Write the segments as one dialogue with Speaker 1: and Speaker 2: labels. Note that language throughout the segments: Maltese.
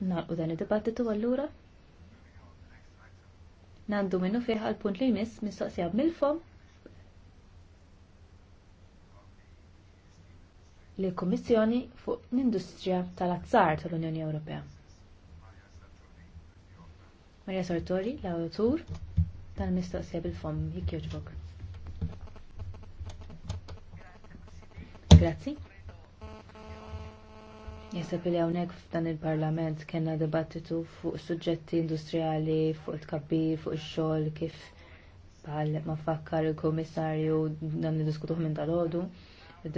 Speaker 1: Nalqu dan id-dibattitu allura. Nandu minnu fih għal-punt li jmiss mistoqsija mill-fom li kummissjoni fuq l-industrija tal-azzar tal-Unjoni Ewropea. Maria Sartori, l-autur tal-mistoqsija bil-fom, jikjoġbok. Grazie. Jaseb li hawnhekk f'dan il-Parlament kellna dibattitu fuq suġġetti industrijali, fuq it-kabbi, fuq ix-xogħol kif bħal ma fakkar il-Kummissarju dan niddiskutuh minn dal ħodu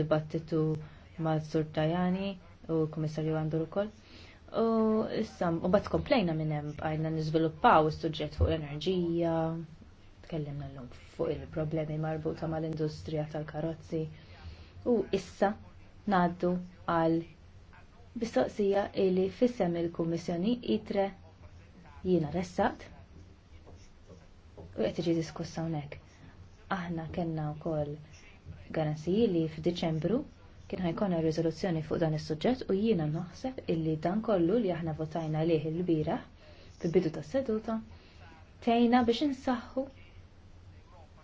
Speaker 1: dibattitu ma' Sur Tajani u l-Kummissarju għandu ukoll. U issa u bat komplejna minn hemm bqajna niżviluppaw is-suġġett fuq l-enerġija, tkellimna llum fuq il-problemi marbuta mal-industrija tal-karozzi. U issa ngħaddu għal Bistoqsija illi fissem il-Kummissjoni itre jiena ressaqt u qed tiġi diskussa hawnhekk. Aħna kellna wkoll garanziji li f'Diċembru kien jkollna riżoluzzjoni fuq dan is-suġġett u jiena naħseb illi dan kollu li aħna votajna lih il bira fil-bidu tas-seduta tejna biex insaħħu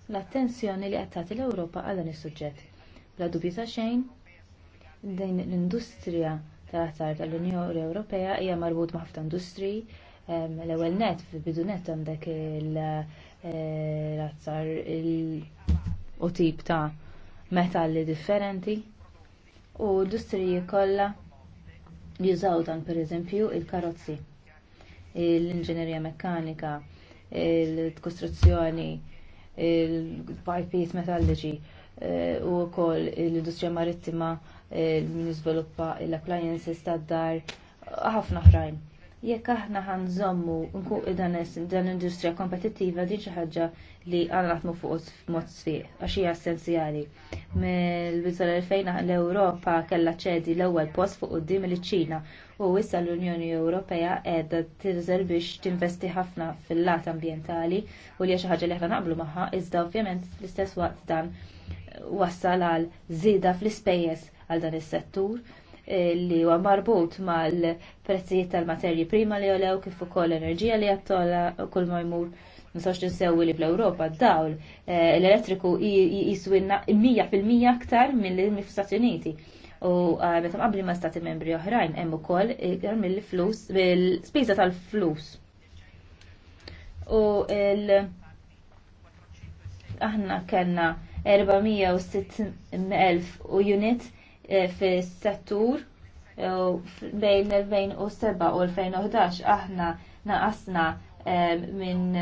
Speaker 1: l-attenzjoni li qed tagħti l-Ewropa għal dan is-suġġett. Bla dubju ta' xejn din l-industrija tal-aħtar tal-Unjoni Ewropea hija marbut ma' ħafna industri. L-ewwel net fil-bidu net għandek eh, l-azzar u tip ta' metalli differenti u industriji kollha jużaw dan pereżempju il-karozzi, l-inġinerija mekkanika, il-kostruzzjoni, il-pipis metalliċi eh, u wkoll l-industrija marittima min izvoluppa l-appliances tad-dar ħafna ħrajn. Jekk aħna zommu nkuq dan l-industrija kompetittiva din xi ħaġa li għandna naħdmu fuq mod sfiq għax hija essenzjali. mill l 2000 l-Ewropa kellha ċedi l-ewwel post fuq quddiem liċ-Ċina u issa l-Unjoni Ewropea qiegħda tirżel biex tinvesti ħafna fil-lat ambjentali u li xi ħaġa li aħna naqblu magħha iżda ovvjament fl-istess waqt dan wassal għal żieda fl-ispejjeż għal dan is-settur eh, li huwa marbut mal-prezzijiet tal-materji prima li jolew kif ukoll l enerġija li jattola kull ma jmur nistax tinsewi li fl-Ewropa dawl eh, l-elettriku jiswinna 100% aktar mill fl Uniti. U eh, meta qabli ma' stati membri oħrajn hemm ukoll iktar mill-flus bil-spiża tal-flus. U l aħna kellna 406,000 unit Eh, fis-settur eh, bejn l-2007 u l-2011 aħna naqasna eh, minn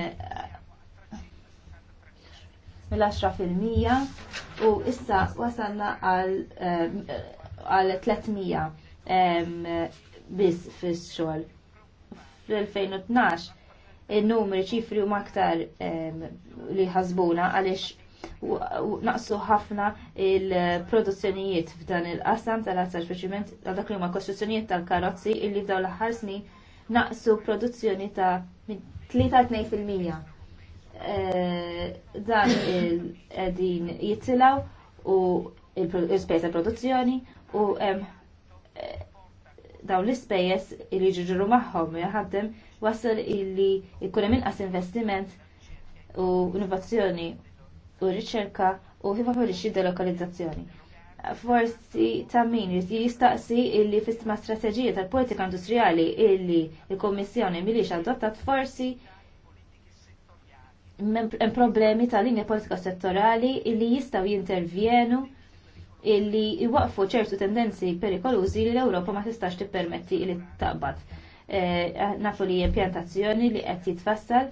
Speaker 1: mill-10% u issa wasalna għal 300 biss fis-xogħol. Fl-2012 il-numri ċifri u maktar li ħasbuna għaliex naqsu ħafna il-produzzjonijiet f'dan il-qasam tal azzar speċiment għal dak li huma kostruzzjonijiet tal-karozzi illi f'daw l-aħħar snin naqsu produzzjoni ta' 3-2%. Eh, dan il-edin jittilaw u il-spejs produzzjoni u eh, dawn l-ispejjeż li ġiġru magħhom jaħaddem wasal illi jkun hemm inqas investiment u innovazzjoni u riċerka u jifavorixxi delokalizzazzjoni. Forsi ta' min jistaqsi illi fistma strategija strateġija tal-politika industrijali illi l-Kommissjoni milix adottat forsi hemm problemi ta' linja politika settorali illi jistgħu jintervjenu illi jwaqfu ċertu tendenzi perikolużi li l-Ewropa ma tistax tippermetti li taqbad. Eh, nafu li impjantazzjoni li qed jitfassal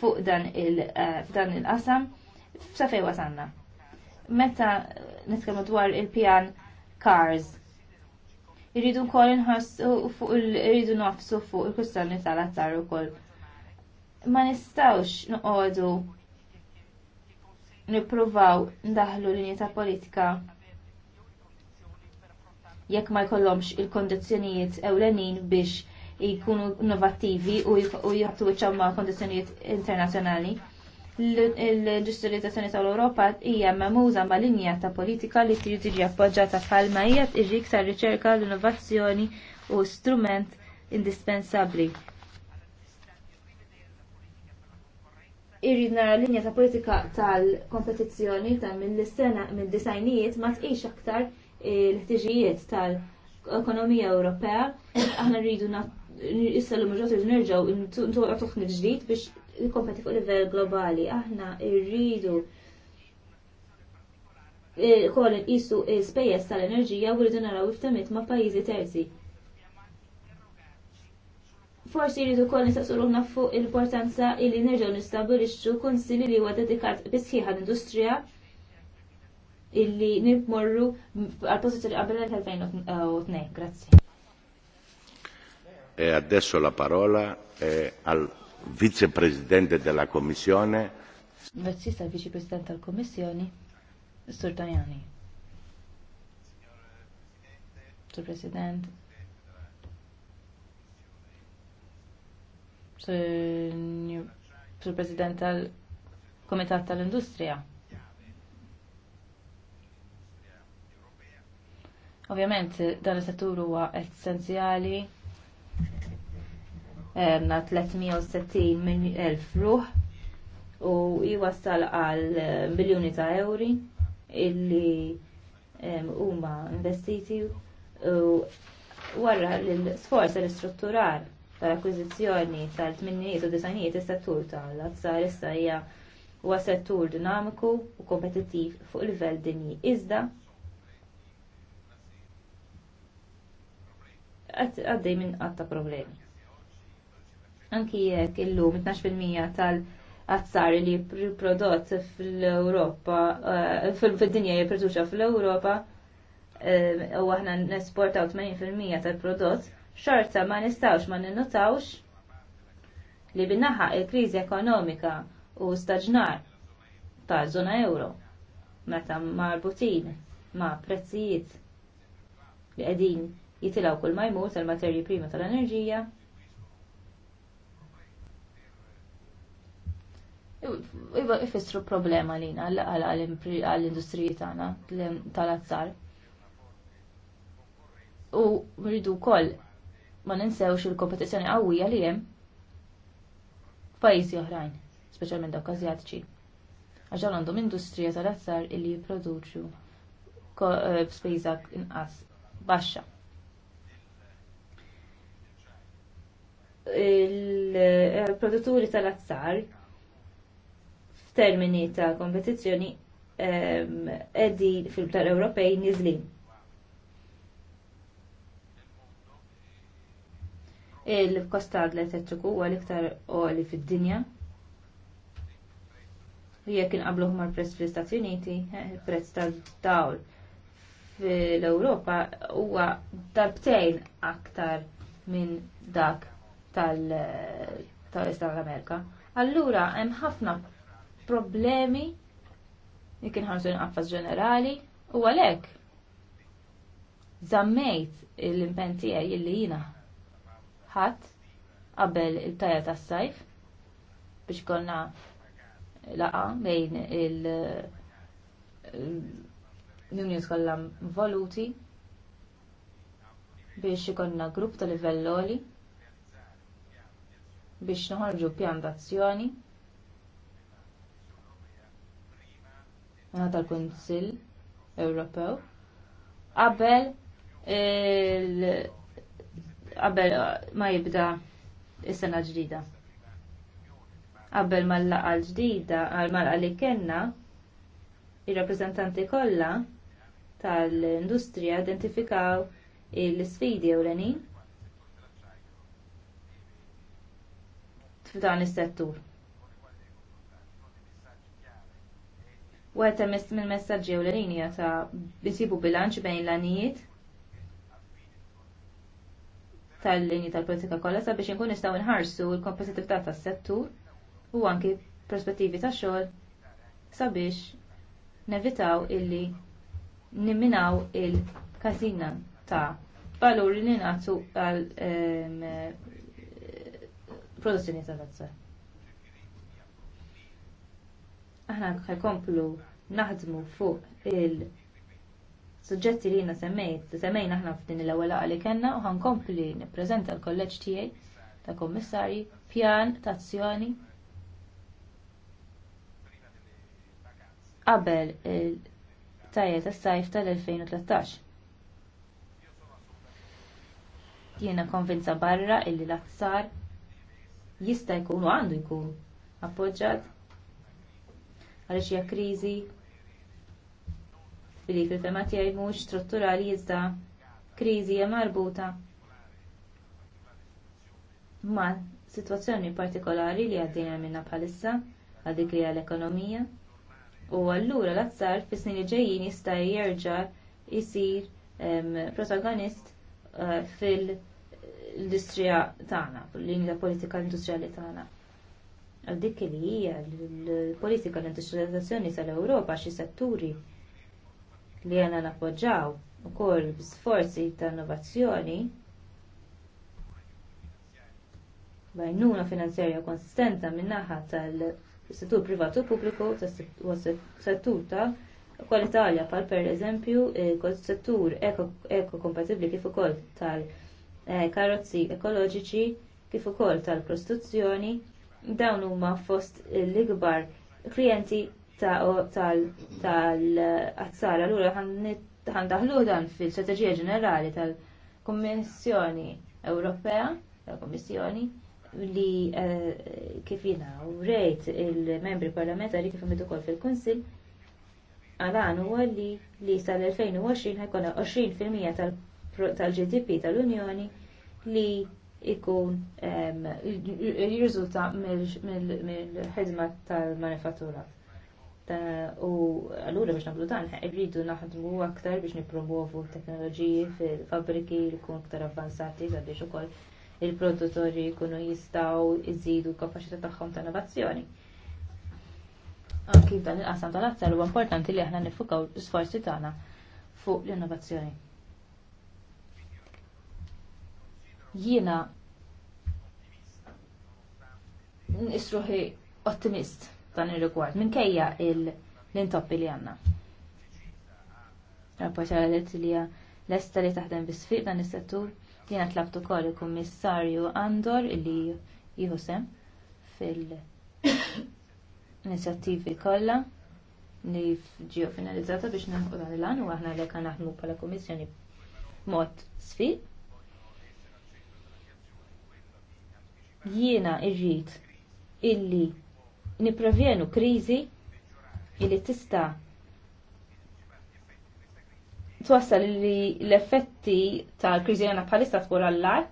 Speaker 1: fuq dan eh, il-qasam Safej wasanna. Meta nitkellmu dwar il-pjan cars, irridu nkoll inħossu fuq irridu nofsu fuq il kustanni tal-azzar ukoll. Ma nistawx noqogħdu nippruvaw ndaħlu linji ta' politika jekk ma jkollhomx il-kondizzjonijiet ewlenin biex jkunu innovattivi u jħattu iċċamma kondizzjonijiet internazzjonali l-ġustirizzazzjoni tal-Ewropa hija memuża ma' linja ta' politika li trid tiġi appoġġjata bħalma hija tiġi iktar riċerka l-innovazzjoni u strument indispensabbli. Irrid nara linja ta' politika tal-kompetizzjoni ta' mill istena mill-disajnijiet ma tqix aktar l-ħtiġijiet tal-ekonomija Ewropea. Aħna rridu issa l-mġot nerġgħu ntuqgħu ġdid biex nkompeti fuq livell globali. Aħna rridu eh, kol nqisu spejjeż tal-enerġija u rridu naraw iftemiet ma' pajjiżi terzi. Forsi rridu kol nistaqsu ruħna fuq l-importanza li nerġgħu nistabilixxu konsili li huwa dedikat bisħiħa l-industrija illi nitmorru għal pożizzjoni qabel l-2002. Grazzi.
Speaker 2: E adesso la parola eh, al Vicepresidente della Commissione.
Speaker 1: Grazzi tal viċepresidente della Commissione, Sur Tajani. Sur President. Sur President tal Komitat tal-Industrija. Ovvjament, dan is-settur huwa essenzjali na 360 elf ruħ u jiwassal għal biljoni eh, ta' euri illi eh, huma investiti u warra l-sforz l-istrutturar tal-akkwizizjoni tal-tminnijiet u disanijiet is-settur tal-azzar issa hija huwa settur dinamiku u kompetittiv fuq livell dinji iżda għaddej minn għatta problemi Anki jekk illum 12% tal-azzar li prodott fl-Europa, eh, fil-dinja jiproduċa fl-Europa, eh, u aħna nesportaw 80% tal-prodott, xorta ma nistawx ma ninnotawx li binnaħa il-krizi ekonomika u staġnar ta' zona euro meta marbutin ma' prezzijiet li qegħdin jitilaw kull ma jmur tal-materji prima tal-enerġija Iva, ifissru problema na għall-industriji tagħna tal-azzar. U rridu wkoll ma ninsewx il-kompetizzjoni qawwija li jem f'pajjiżi oħrajn, specialment dawk azjatiċi. Għax għandhom industrija tal-azzar illi jipproduċu b'spejza eh, inqas baxxa. il-produtturi eh, tal-azzar Termini ta' kompetizzjoni ehm, eddi fil-ptar Ewropej nizlin. Il-kosta l-elettriku huwa l-iktar oli fid-dinja. Jekk inqablu mar prezz fl-Istati Uniti, eh, prezz tal-dawl fil-Ewropa huwa darbtejn aktar minn dak tal estat Amerika. Allura hemm ħafna problemi li kien ħarsu nqaffas ġenerali u għalhekk zammejt l-impen tiegħi illi jina ħadd qabel il-tajja tas-sajf biex konna laqa bejn il- l-Unions kollha involuti biex ikonna grupp ta' livelloli biex noħorġu pjan d'azzjoni tal-Kunsill Ewropew qabel qabel ma jibda is-sena ġdida. Qabel mal-laqa ġdida, mal-laqa li kena, ir-rappreżentanti kollha tal-industrija identifikaw l-sfidi ewlenin f'dan is-settur u għet minn messagġi u l-linja ta' bisibu bilanċ bejn l-anijiet tal-linji tal-politika kollha sabiex inkun nistaw nħarsu l-kompetitività tas-settur u anki prospettivi ta' xogħol sabiex nevitaw illi nimminaw il-kazina ta' valuri li nagħtu għal produzzjoni ta' tazza. Aħna ħajkomplu naħdmu fuq il- Suġġetti li jina semmejt, semmejna aħna f'din l-ewwel laqgħa li kellna u ħankompli nippreżenta l-kolleġġ tiegħi ta' kommissarji pjan ta' azzjoni qabel il-tajja tas-sajf tal-2013. Jiena konvinza barra illi l-azzar jista' jkun u għandu jkun appoġġjat għaliex hija kriżi li fil-fema tiegħi mhux strutturali iżda kriżi hija marbuta ma' sitwazzjoni partikolari li għaddejna minna bħalissa għal dik li għal-ekonomija u allura l-azzar fis snin ġejjin jista' jerġa' jsir protagonist eh, fil-industrija tagħna, fil-linja politika industrijali tagħna. Għal dik li hija l-politika l-industrializzazzjoni tal-Ewropa xi setturi li għana nappoġġaw ukoll sforzi ta' innovazzjoni bajnuna finanzjarja konsistenta min-naħa tal-settur privatu pubbliku u settur ta' kwalità għalja pal per eżempju settur ekokompatibli kif ukoll tal-karozzi eh, ekoloġiċi kif ukoll tal-prostituzzjoni dawn huma fost l-ikbar klijenti tal-azzara l-ura daħlu dan fil-strategija ġenerali tal-Kommissjoni Ewropea, tal-Kommissjoni, li kif jina u rejt il-membri parlamentari kif għamidu kol fil-Konsil, għalan huwa li li sal-2020 ħajkun 20% tal-GDP tal-Unjoni li ikun jirżulta mill-ħidma tal-manifattura. Eh, u għallura biex nagħmlu dan, irridu naħdmu aktar biex nipromovu teknoloġiji fil-fabriki li jkunu aktar avvanzati sabiex ukoll il-produttori jkunu jistgħu jżidu l-kapaċità tagħhom ta' innovazzjoni. Anki dan il-qasam tal-azzar huwa importanti li aħna nifukaw l-isforzi tagħna fuq l-innovazzjoni. Jiena nisruħi ottimist dan il-rigward minkejja l-intoppi li għanna. Rapport għalet li l-esta li taħdem bisfiq dan is-settur jiena tlabtu kol il-kummissarju Andor li jihusem fil-inizjattivi kollha li ġio finalizzata biex nħu dan il-għan u għahna li kan naħdmu pala kummissjoni mod sfiq. Jiena irrid illi niprevjenu krizi illi tista twassal li l-effetti tal-krizi għana palista tkun għallar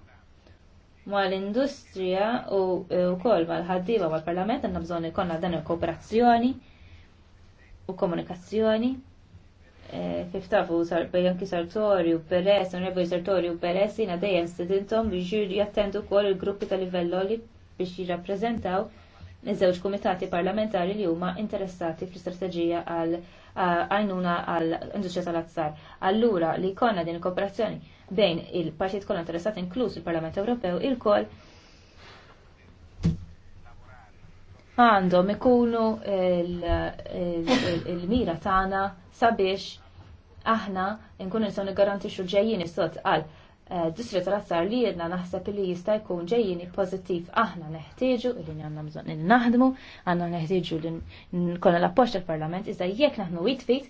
Speaker 1: mal-industrija u wkoll e, mal-ħaddiba mal-parlament għandna bżonn ikollna dan il-kooperazzjoni u komunikazzjoni e, kif tafu anki kisartori u peres, rebu kisartori u peres jina dejjem stedintom biex jattendu kol il-gruppi tal-livelloli biex jirrappreżentaw miż-żewġ kumitati parlamentari li huma interessati fl-istrateġija għal għajnuna għal industrija tal-azzar. Allura li konna din kooperazzjoni bejn il-partijiet kollha interessati inkluż il-Parlament Ewropew il-koll għandhom ikunu il-mira tagħna sabiex aħna nkunu nistgħu niggarantixxu ġejjin is-sod għal Eh, distret razzar li jedna naħseb li jista' jkun ġejjini pozittiv aħna neħtieġu li għandna bżonn naħdmu, għandna neħtieġu li nkollna l-appoġġ tal-Parlament iżda jekk naħnu jitfit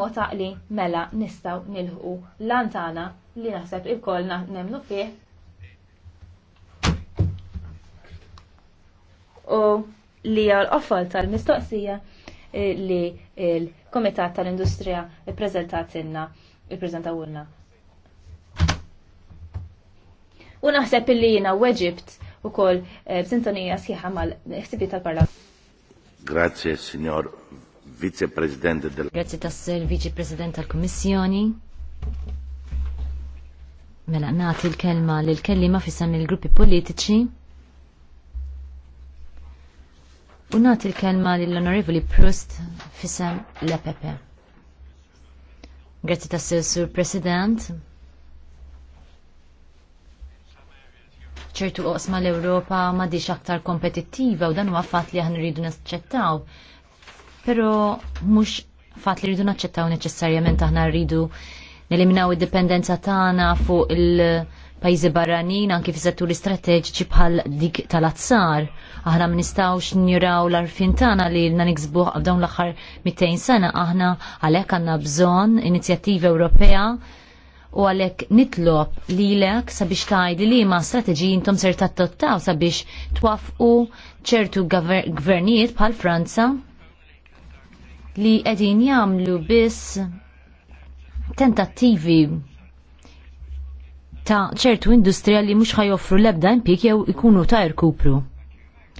Speaker 1: mod li mela nistgħu nilħu lantana li naħseb ilkoll nemnu fih. U li għal offol tal-mistoqsija eh, li l-Komitat tal-Industrija ppreżentatilna, ippreżentawulna U naħseb illi jina u Eġipt ukoll eh, b'sintonija sħiħa mal-ħsibiet tal parla
Speaker 2: Grazie, signor Vice-President del...
Speaker 3: Grazie tasser Vice-President tal komissjoni Mela, nagħti l-kelma l-kellima fissam il-gruppi politiċi. U nagħti l-kelma l-Onorevoli Prust fissam l-EPP. Grazie tas, Sur President. ċertu qosma l-Ewropa m'għadix aktar kompetittiva u dan huwa fatt li aħna rridu naċċettaw. Però mhux fatt li rridu naċċettaw neċessarjament aħna rridu neliminaw id-dipendenza tagħna fuq il-pajjiżi barranin anke fi setturi strateġiċi bħal dik tal-azzar. Aħna ma nistgħux njuraw l-arfin tagħna li lna niksbuh f'dawn l-aħħar 200 sena aħna għalhekk għandna bżonn inizjattiva Ewropea u għalek nitlob li l-ek sabiex tajdi li ma strategji jintom ser tattottaw sabiex twafqu ċertu gvernijiet bħal Franza li għedin jamlu biss tentattivi ta' ċertu industrija li mux ħajoffru lebda impik jew ikunu ta' irkupru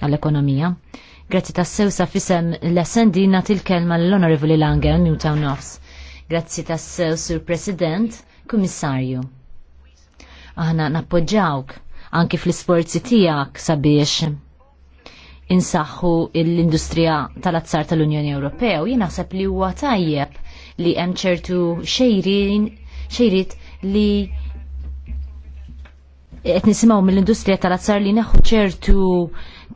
Speaker 3: għall-ekonomija. Grazzi ta' sewsa fisem l-essendi nat il-kelma l-Honorable Langen, Newtown Nofs. Grazzi ta' sew, Sur President Kummissarju, aħna nappoġġawk anki fl-isforzi tiegħek sabiex insaħħu l-industrija tal-azzar tal-Unjoni Ewropew. Jien naħseb li huwa tajjeb li hemm ċertu xejrin xejrit li qed nisimgħu mill-industrija tal-azzar li neħu ċertu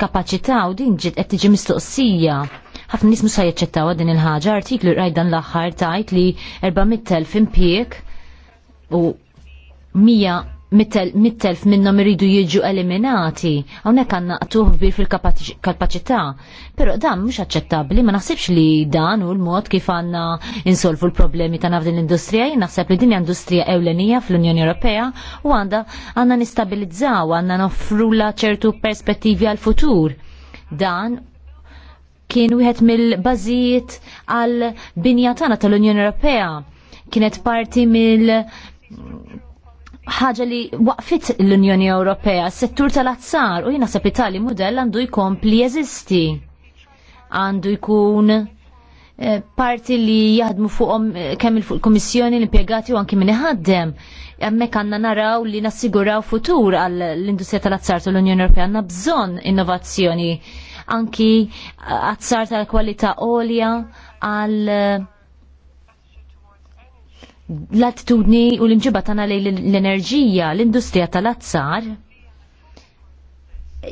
Speaker 3: kapaċità u din ġiet qed tiġi mistoqsija. Ħafna nies mhux se jaċċettaw din il-ħaġa artiklu rajt dan l-aħħar tajt li 400,000 impjieg u mija mittelf minnom iridu jiġu eliminati, għonek għanna tuħ bir fil-kapacità. Pero dan mux aċċettabli, ma naħsibx li dan u l-mod kif għanna insolvu l-problemi ta' nafdin l-industrija, naħseb li din industrija ewlenija fl-Unjoni Ewropea u għanda għanna nistabilizzaw, għanna noffrula ċertu perspettivi għal-futur. Dan kien wieħed mill-bażijiet għal binja tagħna tal-Unjoni Ewropea kienet parti mill ħaġa li waqfit l-Unjoni Ewropea, settur tal-azzar, u jina sepp tali modell għandu jkompli jeżisti. Għandu jkun eh, parti li jaħdmu fuqhom eh, kemm il kommissjoni l-impjegati u anki min iħaddem. Hemmhekk għandna naraw li nassiguraw futur għall industrija tal-azzar tal-Unjoni Ewropea għanna bżonn innovazzjoni anki azzar tal-kwalità għolja għal eh, l-attitudni u l inġiba tagħna lejn l-enerġija, l-industrija tal-azzar,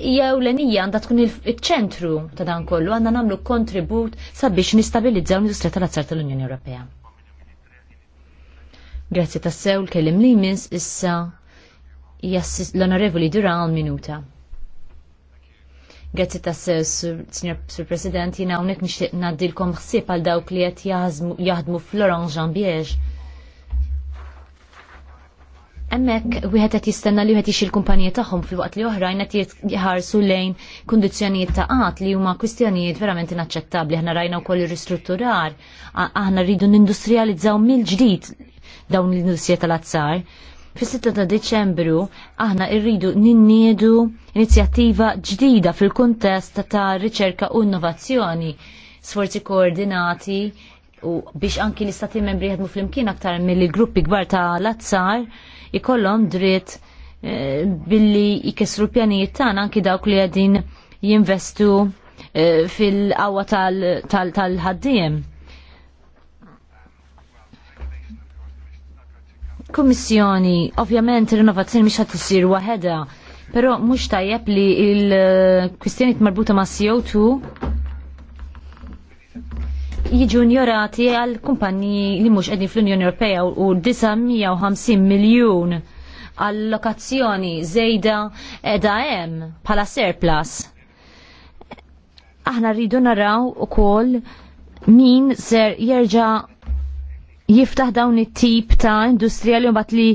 Speaker 3: jew l-enija għandha tkun il-ċentru ta' dan kollu għandna nagħmlu kontribut sabiex nistabilizzaw l-industrija tal-azzar tal-Unjoni Ewropea. Grazzi sew l-kellim li mins issa l-onorevoli dura għal minuta. Grazzi tassew, sur President, jina għunek nixtieq naddilkom ħsieb għal dawk li qed jaħdmu fl-Orange Jambiege Emmek, wieħed qed jistenna li wieħed ixi l-kumpanija tagħhom fil-waqt li oħrajn qed jħarsu lejn kundizzjonijiet ta' qatt li huma kwistjonijiet verament inaċċettabbli. Aħna rajna wkoll ir-ristrutturar, aħna rridu nindustrializzaw mill-ġdid dawn l-industrija tal-azzar. Fis-6 ta' Deċembru aħna rridu ninniedu inizjattiva ġdida fil-kuntest ta' riċerka u innovazzjoni, sforzi koordinati u biex anki l-istati membri jħedmu fl-imkien aktar mill-gruppi gbar ta' l-azzar ikollhom dritt eh, billi jkissru pjanijiet tagħna anki dawk li qegħdin jinvestu eh, fil-qawwa tal-ħaddiem. Kommissjoni, ovvjament rinnovazzjoni mhix ħadd isir waħedha, però mhux tajjeb li l-kwistjonijiet marbuta ma' CO2 jiġu njorati għal kumpanji li mhux qegħdin fl-Unjoni Ewropea u 950 miljun allokazzjoni żejda edha hemm bħala surplus. Aħna rridu naraw ukoll min ser jerġa' jiftaħ dawn it-tip ta' industrija li mbagħad li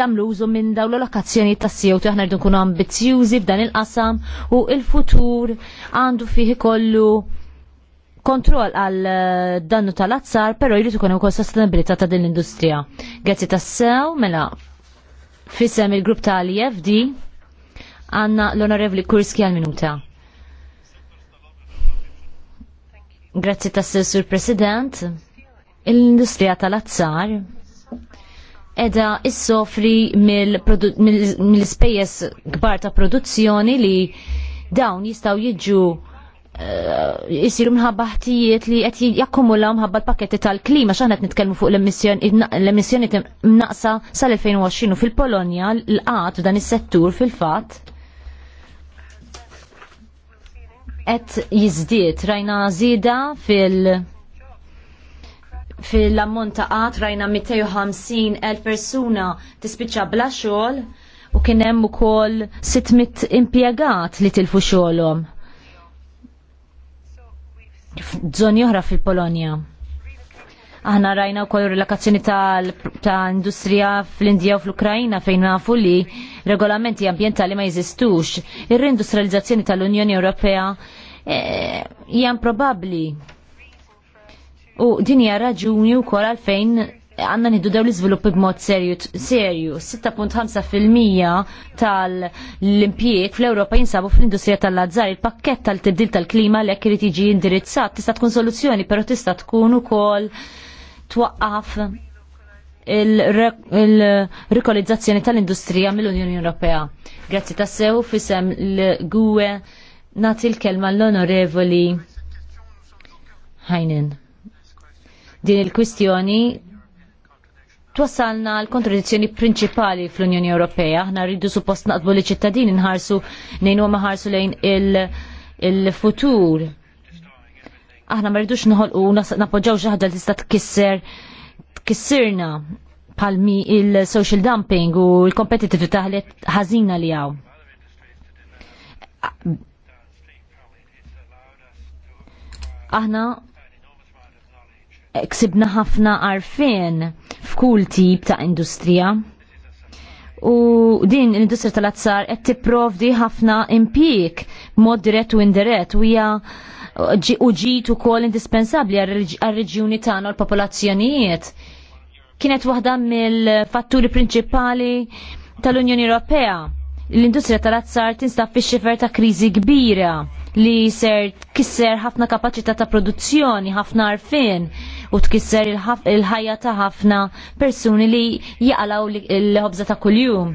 Speaker 3: jagħmlu użu minn dawn l-lokazzjoni tas-CO2 aħna rridu nkunu ambizzjużi f'dan il-qasam u l-futur għandu fih ikollu kontroll għal eh, dannu tal-azzar, pero jrid ikun ukoll sostenibilità ta' din l-industrija. Grazzi tassew, mela fissem il-grupp tal-IFD e għanna l-onorevli Kurski għal-minuta. Grazzi tassew, Sur President. L-industrija tal-azzar edha is-sofri mill spejjes mil kbar ta' produzzjoni li dawn jistaw jiġu jisiru minħabba ħtijiet li qed jakkumulaw minħabba l-pakketti tal-klima x'aħna qed nitkellmu fuq l-emissjoni naqsa sal-2020 u fil-Polonja l-qat dan is-settur fil-fatt qed jiżdied rajna żieda fil- fil-ammont ta' qat rajna 250 persuna tispiċċa bla xogħol u kien hemm ukoll 600 impjegat li tilfu xogħolhom żoni oħra fil-Polonja. Aħna rajna wkoll relokazzjoni ta' industrija fl-Indija u fl ukrajina fejn nafu li regolamenti ambjentali ma jeżistux. Ir-reindustrializzazzjoni tal-Unjoni Ewropea eh, hija probabli. U din hija raġuni wkoll għalfejn għanna niddu daw l-izviluppi b'mod serju. serju. 6.5% tal-impjieg fl-Ewropa jinsabu fl-industrija tal lazzar Il-pakket tal-tibdil tal-klima li jekk irid jiġi indirizzat tista' tkun soluzzjoni, però tista' tkun ukoll twaqqaf il-rikolizzazzjoni tal-industrija mill-Unjoni Ewropea. Grazzi tassew fisem l-gwe nati l-kelma l-onorevoli Hajnen. Din il-kwistjoni twassalna l-kontradizzjoni prinċipali fl-Unjoni Ewropea. Aħna rridu suppost naqbu li ċittadini nħarsu nejn huma ħarsu lejn il-futur. Aħna ma rridux noħolqu napoġġaw xi ħaġa li tista' tkisser tkissirna palmi il-social dumping u l competitive taħlet ħażina li hawn. Aħna ksibna ħafna arfin f'kull tip ta' industrija. U din l-industrija tal-azzar qed tipprovdi ħafna impik mod dirett u indirett u hija uġit ukoll indispensabbli għar-reġjuni tagħna u l-popolazzjonijiet. Kienet waħda mill-fatturi prinċipali tal-Unjoni Ewropea l-industrija tal-azzar tinstab fi xifer ta' kriżi kbira li ser kisser ħafna kapaċità ta' produzzjoni, ħafna arfin u tkisser il-ħajja ta' ħafna persuni li jaqalaw l-ħobza ta' kuljum.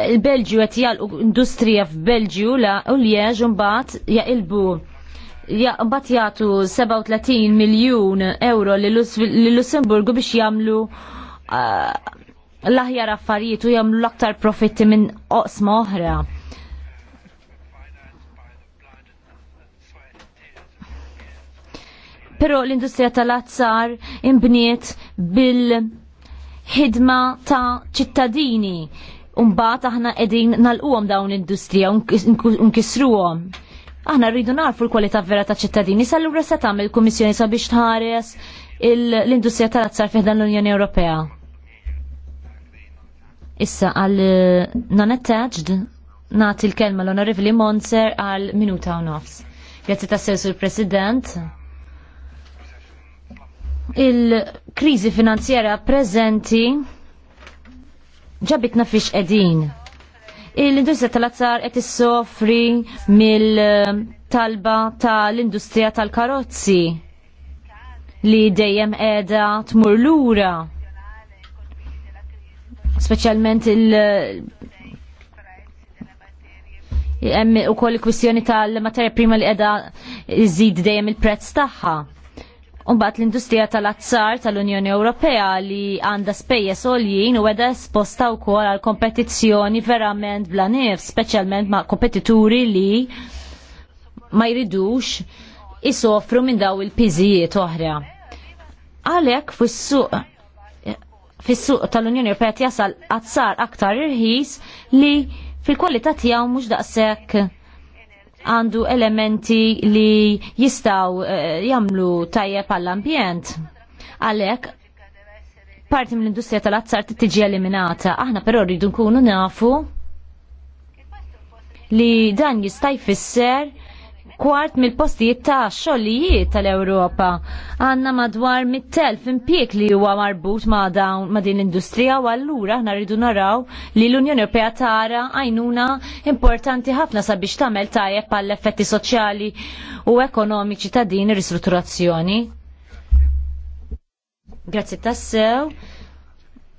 Speaker 3: Il-Belġju qed jgħal industrija f'Belġju la u Liex mbagħad jaqilbu mbagħad jagħtu 37 miljun euro lill-Lussemburgu biex jagħmlu eh, l-aħjar affarijiet u jagħmlu l-aktar profitti minn oqsma oħra. Pero l-industrija tal-azzar imbniet bil-ħidma ta' ċittadini. Umbat aħna edin nal-qom dawn l-industrija, unkisruhom. Aħna rridu narfu l-kwalità vera ta' ċittadini, Sallura se tagħmel kummissjoni sabiex tħares l-industrija tal-azzar fiħdan l-Unjoni Ewropea. Issa għal non-attached uh, nagħti l-kelma l-Onorevoli Monser għal minuta u nofs. Grazzi tassew sur President il-krizi finanzjera prezenti ġabitna fiex edin. Il-industrija tal-azzar qed issofri mill-talba tal-industrija tal-karozzi li dejjem qiegħda tmur lura. Speċjalment il- hemm ukoll kwistjoni tal-materja prima li qiegħda iżid dejjem il-prezz tagħha Umbat l-industrija tal-azzar tal-Unjoni Ewropea li għanda spejjeż soljin u sposta esposta wkoll għal kompetizzjoni verament bla specialment speċjalment ma' kompetituri li ma jridux isofru minn daw il pizijiet oħra. Għalhekk fis-suq fis tal-Unjoni Ewropea tjasal azzar aktar irħis li fil-kwalità tiegħu mhux daqshekk għandu elementi li jistaw eh, jamlu tajjeb għall-ambjent. Għalek, parti mill-industrija tal-azzar tiġi eliminata. Aħna però rridu nkunu nafu li dan jista' jfisser kwart mill-postijiet ta' xogħlijiet tal-Ewropa. Għandna madwar mit-telf impjek li huwa marbut ma' dawn ma' din l-industrija u allura aħna rridu naraw li l-Unjoni Ewropea tara għajnuna importanti ħafna sabiex tagħmel tajjeb għall effetti soċjali u ekonomiċi ta' din ir-ristrutturazzjoni. Grazzi tassew.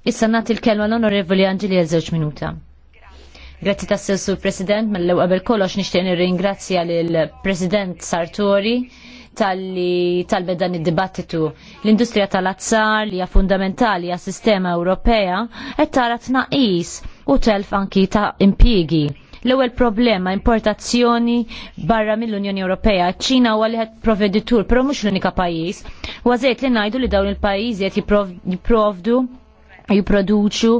Speaker 3: Issa nagħti l-kelma l-Onorevoli Anġeli għal żewġ minuta. Grazzi ta' Sur President, mill-lew qabel kollox nixtieq nirringrazzja lill President Sartori tal-li tal dan id-dibattitu. L-industrija tal-azzar li hija fundamentali għas sistema Ewropea qed tara tnaqis u telf anki ta' impjiegi. L-ewwel problema importazzjoni barra mill-Unjoni Ewropea, ċina huwa li qed proveditur, però mhux l-unika pajjiż. Ważejt li ngħidu li dawn il-pajjiżi qed jipprovdu jiproduċu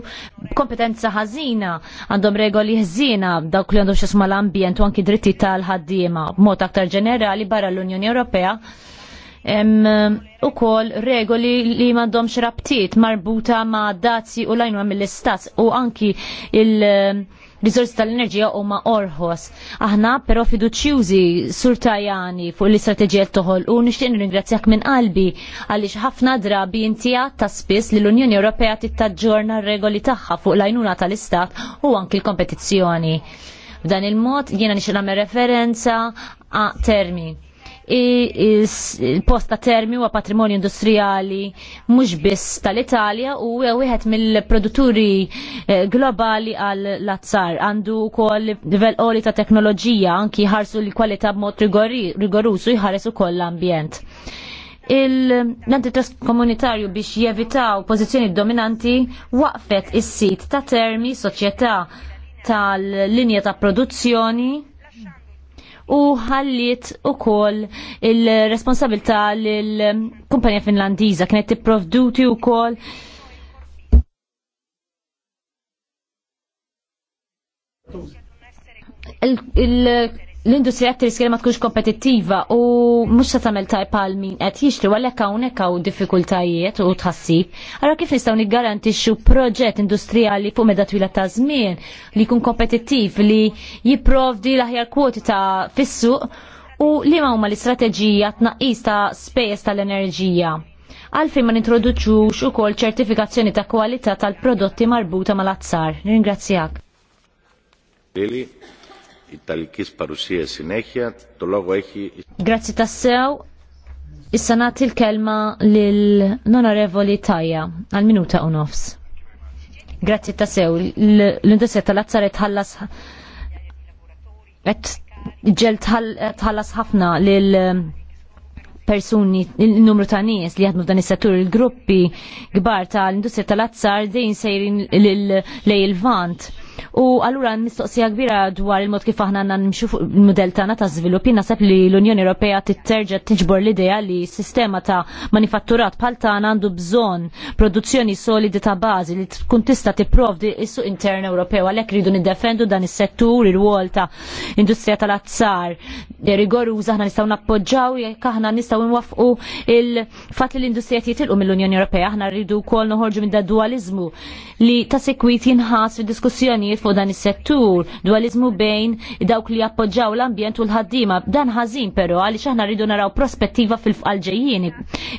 Speaker 3: kompetenza ħażina għandhom regoli ħżina dawk li għandhom xisma l-ambjent u anki dritti tal-ħaddiema b'mod aktar ġenerali barra l-Unjoni Ewropea eh, u kol regoli li m'għandhomx rabtiet marbuta ma' dazzi u lajnuna mill-istat u anki il- risorsi tal-enerġija huma orħos. Aħna però fiduċjużi surtajani fuq l-istrateġija toħol u nixtieq nirringrazzjak minn qalbi għaliex ħafna drabi intijat ta' spiss li l-Unjoni Ewropea tittaġġorna r-regoli tagħha fuq l-għajnuna tal-istat u anki l-kompetizzjoni. B'dan il-mod jiena nixtieq referenza a termi il-post ta' termi huwa patrimonju industrijali mhux biss tal-Italja u wieħed mill-produtturi eh, globali għal lazzar. Għandu wkoll livell qoli ta' teknoloġija anki jħarsu li kwalità b'mod rigorusu jħares ukoll l-ambjent. Il-antitrust komunitarju biex jevitaw pożizzjoni dominanti waqfet is-sit ta' termi soċjetà tal-linja ta' produzzjoni u ħalliet ukoll il-responsabilità lill-kumpanija Finlandiża kienet tipprovduti wkoll il l-industrija qed tiskil ma tkunx kompetittiva u mhux se tagħmel tajb pal min qed jixtri għalhekk hawnhekk hawn diffikultajiet u tħassib. Allora kif nistgħu niggarantixxu proġett industrijali fuq meda twila ta' żmien li jkun kompetittiv li jipprovdi l-aħjar kwoti ta' fis-suq u li ma huma l-istrateġija tnaqqis ta' spejjeż tal-enerġija għalfejn ma nintroduċux ukoll ċertifikazzjoni ta' kwalità tal-prodotti marbuta mal-azzar. Ringrazzjak. Grazzi tassew. Issa nagħti l-kelma lill-Onorevoli Taja għal minuta u nofs. Grazzi tassew. L-industrija tal-azzar tħallas ġel tħallas ħafna lil um, persuni, il-numru ta' nies li għadnu f'dan is-settur il-gruppi kbar tal-industrija tal-azzar din sejrin lej il-vant. U allura mistoqsija kbira dwar il-mod kif aħna nimxu fuq il-modell tagħna ta' żvilupp nasab li l-Unjoni Ewropea titterġa' tiġbor l-idea li sistema ta' manifatturat bħal tagħna għandu bżonn produzzjoni solidi ta' bażi li tkun tista' tipprovdi is-suq intern Ewropew għalhekk ridu niddefendu dan is-settur ir-wol ta' industrija tal-azzar rigoruża aħna nistgħu nappoġġaw jekk aħna nistgħu nwaffqu il-fatt li l-industrija jitilqu mill-Unjoni Ewropea aħna rridu wkoll noħorġu minn da' dualiżmu li ta' sekwit jinħas fid-diskussjoni kumpanijiet fuq dan is-settur, dualizmu bejn dawk li appoġġaw l-ambjent u l-ħaddiema. Dan ħażin però għaliex aħna rridu naraw prospettiva fil-fqalġejjien.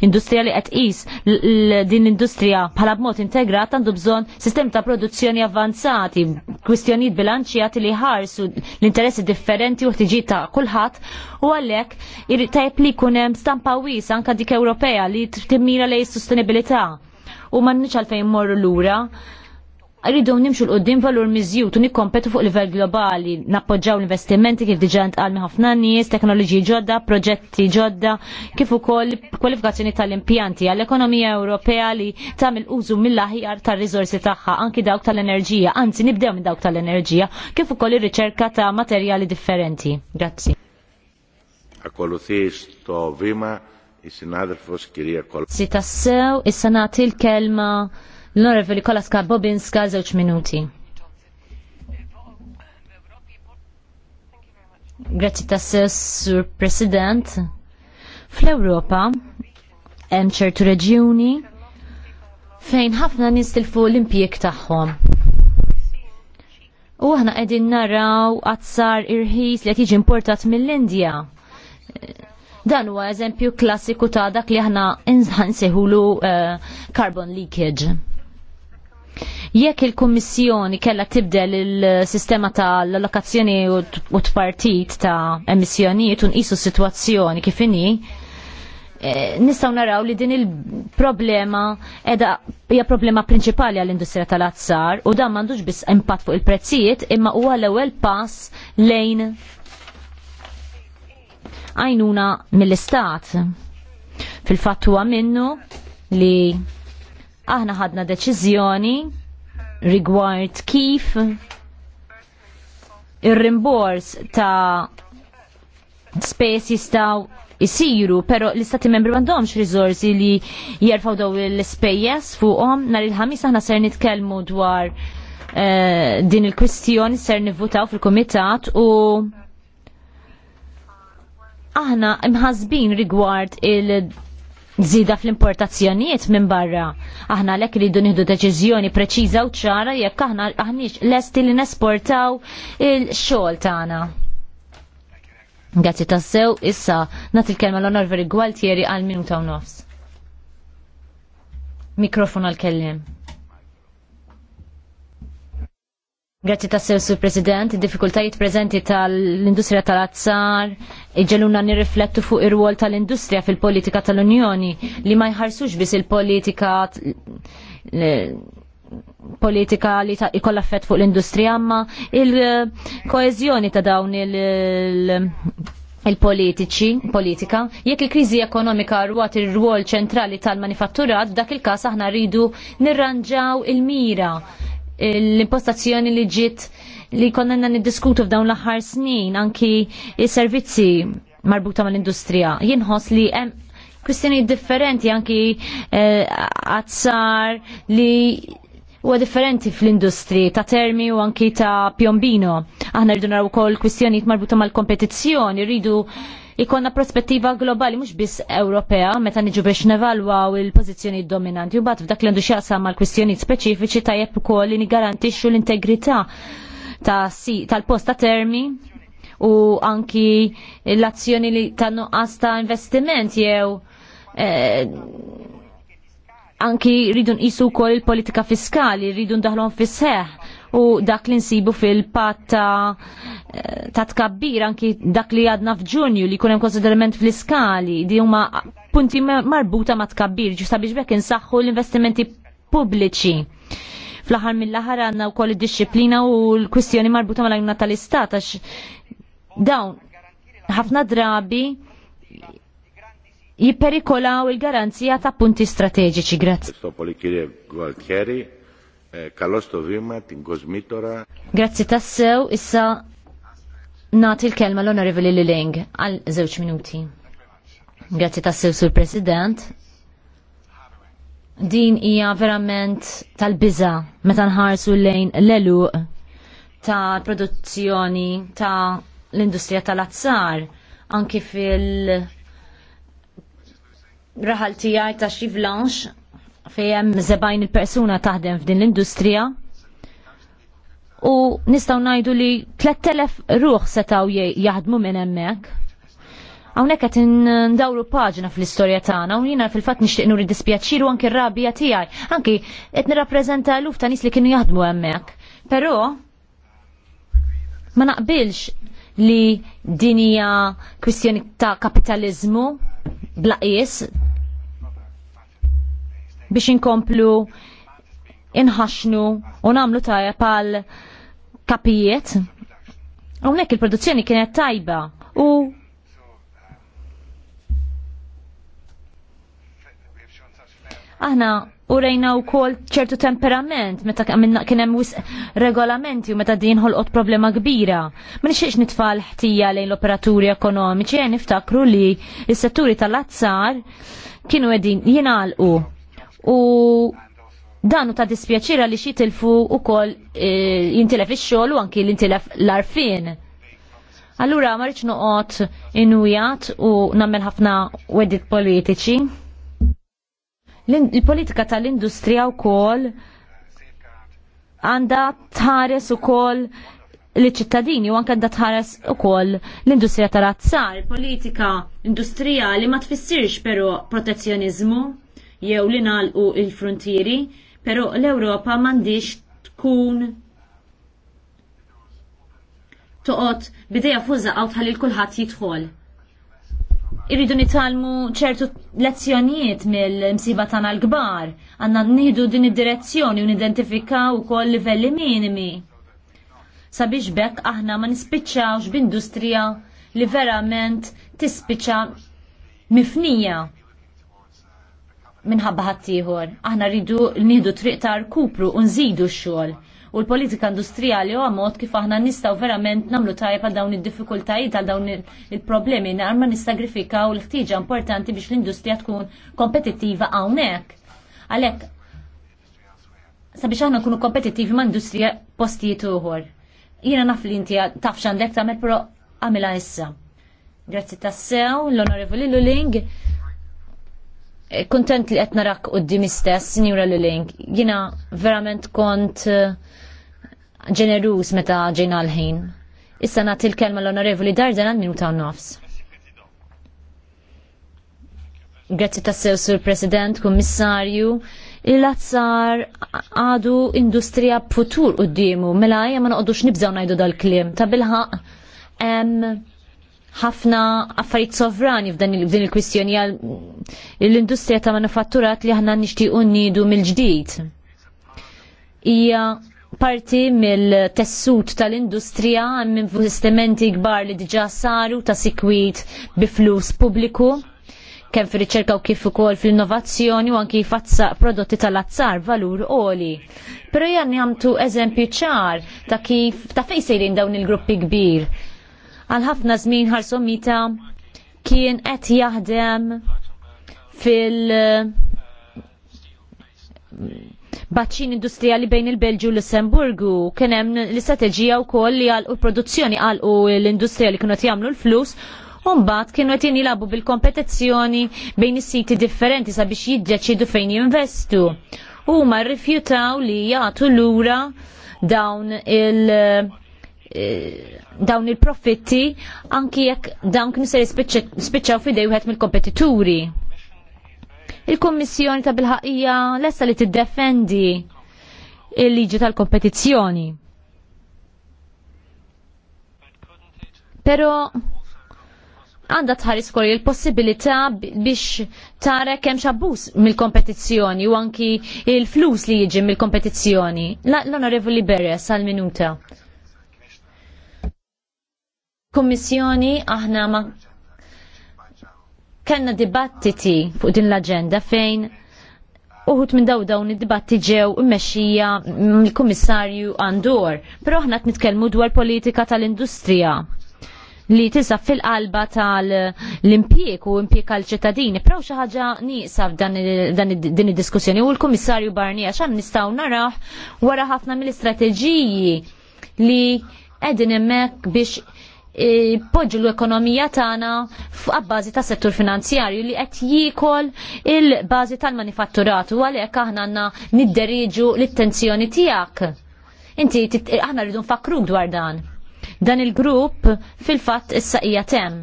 Speaker 3: Industrija li qed qis din l-industrija bħala b'mod integrat għandu bżonn sistem ta' produzzjoni avvanzati, kwistjonijiet bilanċjati li ħarsu l-interessi differenti u ħtiġijiet ta' kulħadd u għalhekk tajb li jkun hemm stampa wisa anke dik Ewropea li timmira lej sostenibilità u ma nix għalfejn morru lura rridu nimxu l-qoddim valur miżjut u nikkompetu fuq livell globali, nappoġġaw l-investimenti kif diġà għalmi ħafna nies, teknoloġiji ġodda, proġetti ġodda, kif ukoll kwalifikazzjoni tal-impjanti għall-ekonomija Ewropea li tagħmel użu mill-aħjar tar-riżorsi tagħha anki dawk tal-enerġija, anzi nibdew minn dawk tal-enerġija, kif ukoll ir-riċerka ta' materjali differenti. Grazzi.
Speaker 2: Akoluthi sto vima is-sinadrfos kirija kol.
Speaker 3: Sitassew, is-sanati l-kelma L-Onorevoli Kolaska Bobinska, żewġ minuti. Grazzi tassis, Sur President. Fl-Ewropa, hemm ċertu reġjuni fejn ħafna nies tilfu l-impjieg tagħhom. U aħna qegħdin naraw azzar irħis li qed jiġi importat mill-Indja. Dan huwa eżempju klassiku ta' dak li aħna nsejħulu uh, eh, carbon leakage. Jekk il-Kummissjoni kellha tibdel il-sistema tal-allokazzjoni u t-partit ta' emissjonijiet u nqisu s-sitwazzjoni kif inhi, eh, nistaw naraw li din il-problema edha hija problema prinċipali għall-industrija tal-azzar u dan m'għandux biss impatt fuq il-prezzijiet imma huwa l-ewwel pass lejn għajnuna mill-istat. Fil-fatt huwa minnu li aħna ħadna deċiżjoni rigward kif ir-rimbors ta' spesi staw jisiru, pero l-istati membri mandomx rizorsi li jerfaw daw l-spejjes fuqom, nar il-ħamis aħna ser nitkelmu dwar uh, din il-kwistjoni ser nivvutaw fil-komitat u aħna imħazbin rigward il- żida fl-importazzjonijiet minn barra. Aħna lek rridu nieħdu deċiżjoni preċiża u ċara jekk aħna aħniex lesti li nesportaw il-xogħol tagħna. Grazzi tassew, issa nagħti l kelma l-onorveri Gualtieri għal minuta u nofs. Mikrofon għal-kellim. Grazie ta' sew sur President, diffikultajiet prezenti tal-industrija tal-azzar, iġeluna nirriflettu fuq ir wol tal-industrija fil-politika tal-Unjoni li ma jħarsux biss il-politika politika li ikolla fett fuq l-industrija ma il-koezjoni ta' dawn il- il-politiċi, politika, jekk il-kriżi ekonomika rwat ir ruol ċentrali tal-manifatturat, f'dak il-każ aħna rridu nirranġaw il-mira l-impostazzjoni li ġiet li konna niddiskutu f'dawn l-aħħar snin anki s-servizzi marbuta mal-industrija. Jinħoss li hemm kwistjoni differenti anki għazzar eh, li huwa differenti fl-industri ta' termi u anki ta' pjombino. Aħna rridu naraw ukoll kwistjonijiet marbuta mal-kompetizzjoni, rridu ikonna prospettiva globali mhux biss Ewropea meta niġu biex nevalwaw il pozizjoni dominanti u bat f'dak li għandu ma mal-kwistjoni speċifiċi tajjeb ukoll li nigarantixxu l-integrità tal posta termi u anki l-azzjoni li ta' nuqqas ta' investiment jew eh, anki ridun nqisu wkoll il-politika fiskali, ridun daħlon fis u dak li nsibu fil-patta Eh, ta' tkabbir anki dak li għadna f'Ġunju li kunem konsiderament fl-iskali di huma punti marbuta ma' tkabbir ġu sabiex bekk insaħħu l-investimenti pubbliċi fl-aħħar mill-aħħar għandna wkoll id-disciplina u l-kwistjoni marbuta mal-għajna tal-istat għax dawn ħafna drabi jipperikolaw il-garanzija ta' punti strateġiċi. Grazie. Grazzi tassew, issa Nati l-kelma l-Onorevoli Liling għal żewġ minuti. Grazzi tassew sur President. Din hija verament tal-biża meta nħarsu lejn l-eluq ta' produzzjoni ta' l-industrija tal-azzar anki fil raħal tiegħi ta' Xivlanx, fejem fejn il-persuna taħdem f'din l-industrija u nistaw najdu li 3000 ruħ setaw jaħdmu minn hemmhekk. Hawnhekk qed ndawru paġna fl-istorja tagħna u jiena fil-fatt nixtieq nuri dispjaċiru anki r-rabija tiegħi, anki qed nirrappreżenta eluf ta' nies li kienu jaħdmu hemmhekk. Però ma naqbilx li dinija kwistjoni ta' kapitalizmu blaqis biex inkomplu inħaxnu u namlu tajja pal kapijiet. Hawnhekk il-produzzjoni kienet tajba u aħna u rejna u kol ċertu temperament, meta kien hemm regolamenti u meta din ħolqot problema kbira. Ma nixiex nitfall ħtija lejn l-operaturi ekonomiċi għen niftakru li s setturi tal-azzar kienu edin jingħalqu u danu ta' dispjaċira li xitilfu u kol e, jintilef il-xol u anki l-intilef l-arfin. Allura marriċ nuqot inujat u nammel ħafna weddit politiċi. Il-politika tal-industrija u kol għanda tħares u kol li ċittadini u anke għandha tħares ukoll l-industrija tal-azzar, politika industrijali ma tfissirx però protezzjonizmu jew li nalqu il-frontieri, Pero l-Ewropa mandiġ tkun toqot bideja fuza għaw tħalli l-kulħat jitħol. Irridu nitalmu ċertu lezzjonijiet mill-msiba tana l-gbar, għanna nidu din id-direzzjoni u nidentifikaw kol livelli minimi. Sabiex bekk aħna ma nispiċċawx b'industrija li verament tispiċċa mifnija minħabba ħaddieħor. Aħna rridu nieħdu triq ta' rkupru u nżidu x-xogħol. U l-politika industrijali huwa mod kif aħna nistgħu verament nagħmlu tajjeb għal dawn id-diffikultajiet għal dawn il-problemi nar ma nistagrifikaw l-ħtieġa importanti biex l-industrija tkun kompetittiva hawnhekk. Għalhekk sabiex aħna nkunu kompetittivi ma' industrija postijiet uħor. Jiena naf li inti tafx għandek tagħmel però għamilha issa. Grazzi tassew, l-Onorevoli Luling kontent li qed narak quddiem istess, Sinjura Liling. Jiena verament kont eh, ġeneruż meta ġejna l-ħin. Issa nagħti l-kelma l-Onorevoli Dardan għal minuta u nofs. Grazzi tassew sur President, Kummissarju il-azzar għadu industrija futur u d-dimu, mela jgħam ma naqdux nibżaw najdu dal-klim, ta' bilħaq ħafna affarijiet sovrani f'din il-kwistjoni għal l-industrija ta' manufatturat li aħna nixtiequ nniedu mill-ġdid. Hija parti mill-tessut tal-industrija hemm investimenti kbar li diġà saru ta' sikwit bi flus pubbliku kemm fir-riċerka u kif ukoll fl innovazzjoni u anki fazza prodotti tal-azzar valur għoli. Però jien jamtu eżempju ċar ta' kif ta' fejn sejrin dawn il-gruppi kbir għal ħafna żmien mita kien qed jaħdem fil eh, baċċin industrijali bejn il-Belġu u l-Lussemburgu kien hemm l-istrateġija wkoll li l produzzjoni u l-industrija li kienu qed jagħmlu l-flus u mbagħad kienu qed jinilabu bil-kompetizzjoni bejn is-siti differenti sabiex jiddeċidu fejn jinvestu. Huma rrifjutaw li jagħtu lura dawn il- eh, dawn il-profitti anki jekk dawn kienu se jispiċċaw fidej wieħed mill-kompetituri. Il-Kommissjoni ta' bilħaqija lesta li tiddefendi il-liġi tal-kompetizzjoni. Pero għanda tħaris kolli il-possibilità biex tara kemm xabbus mill-kompetizzjoni u anki il-flus li jiġi mill-kompetizzjoni. L-Onorevoli Beres għal-minuta. Kummissjoni aħna ma kellna dibattiti fuq din l agenda fejn uħut minn daw dawn id-dibatti ġew immexxija mill-Kummissarju Andor, però aħna qed nitkellmu dwar politika tal-industrija li tisa fil-qalba tal-impjek u impjek għal ċittadini. Praw xi ħaġa nieqsab din id-diskussjoni u l-Kummissarju Barnija xan nistaw naraħ wara ħafna mill-istrateġiji li edin emmek biex poġġu l-ekonomija tagħna f'abbażi ta' settur finanzjarju li qed jiekol il-bażi tal-manifatturat u għalhekk aħna għandna nidderiġu l-attenzjoni tiegħek. Inti aħna rridu nfakruk dwar dan. Dan il-grupp fil-fatt issa hija temm.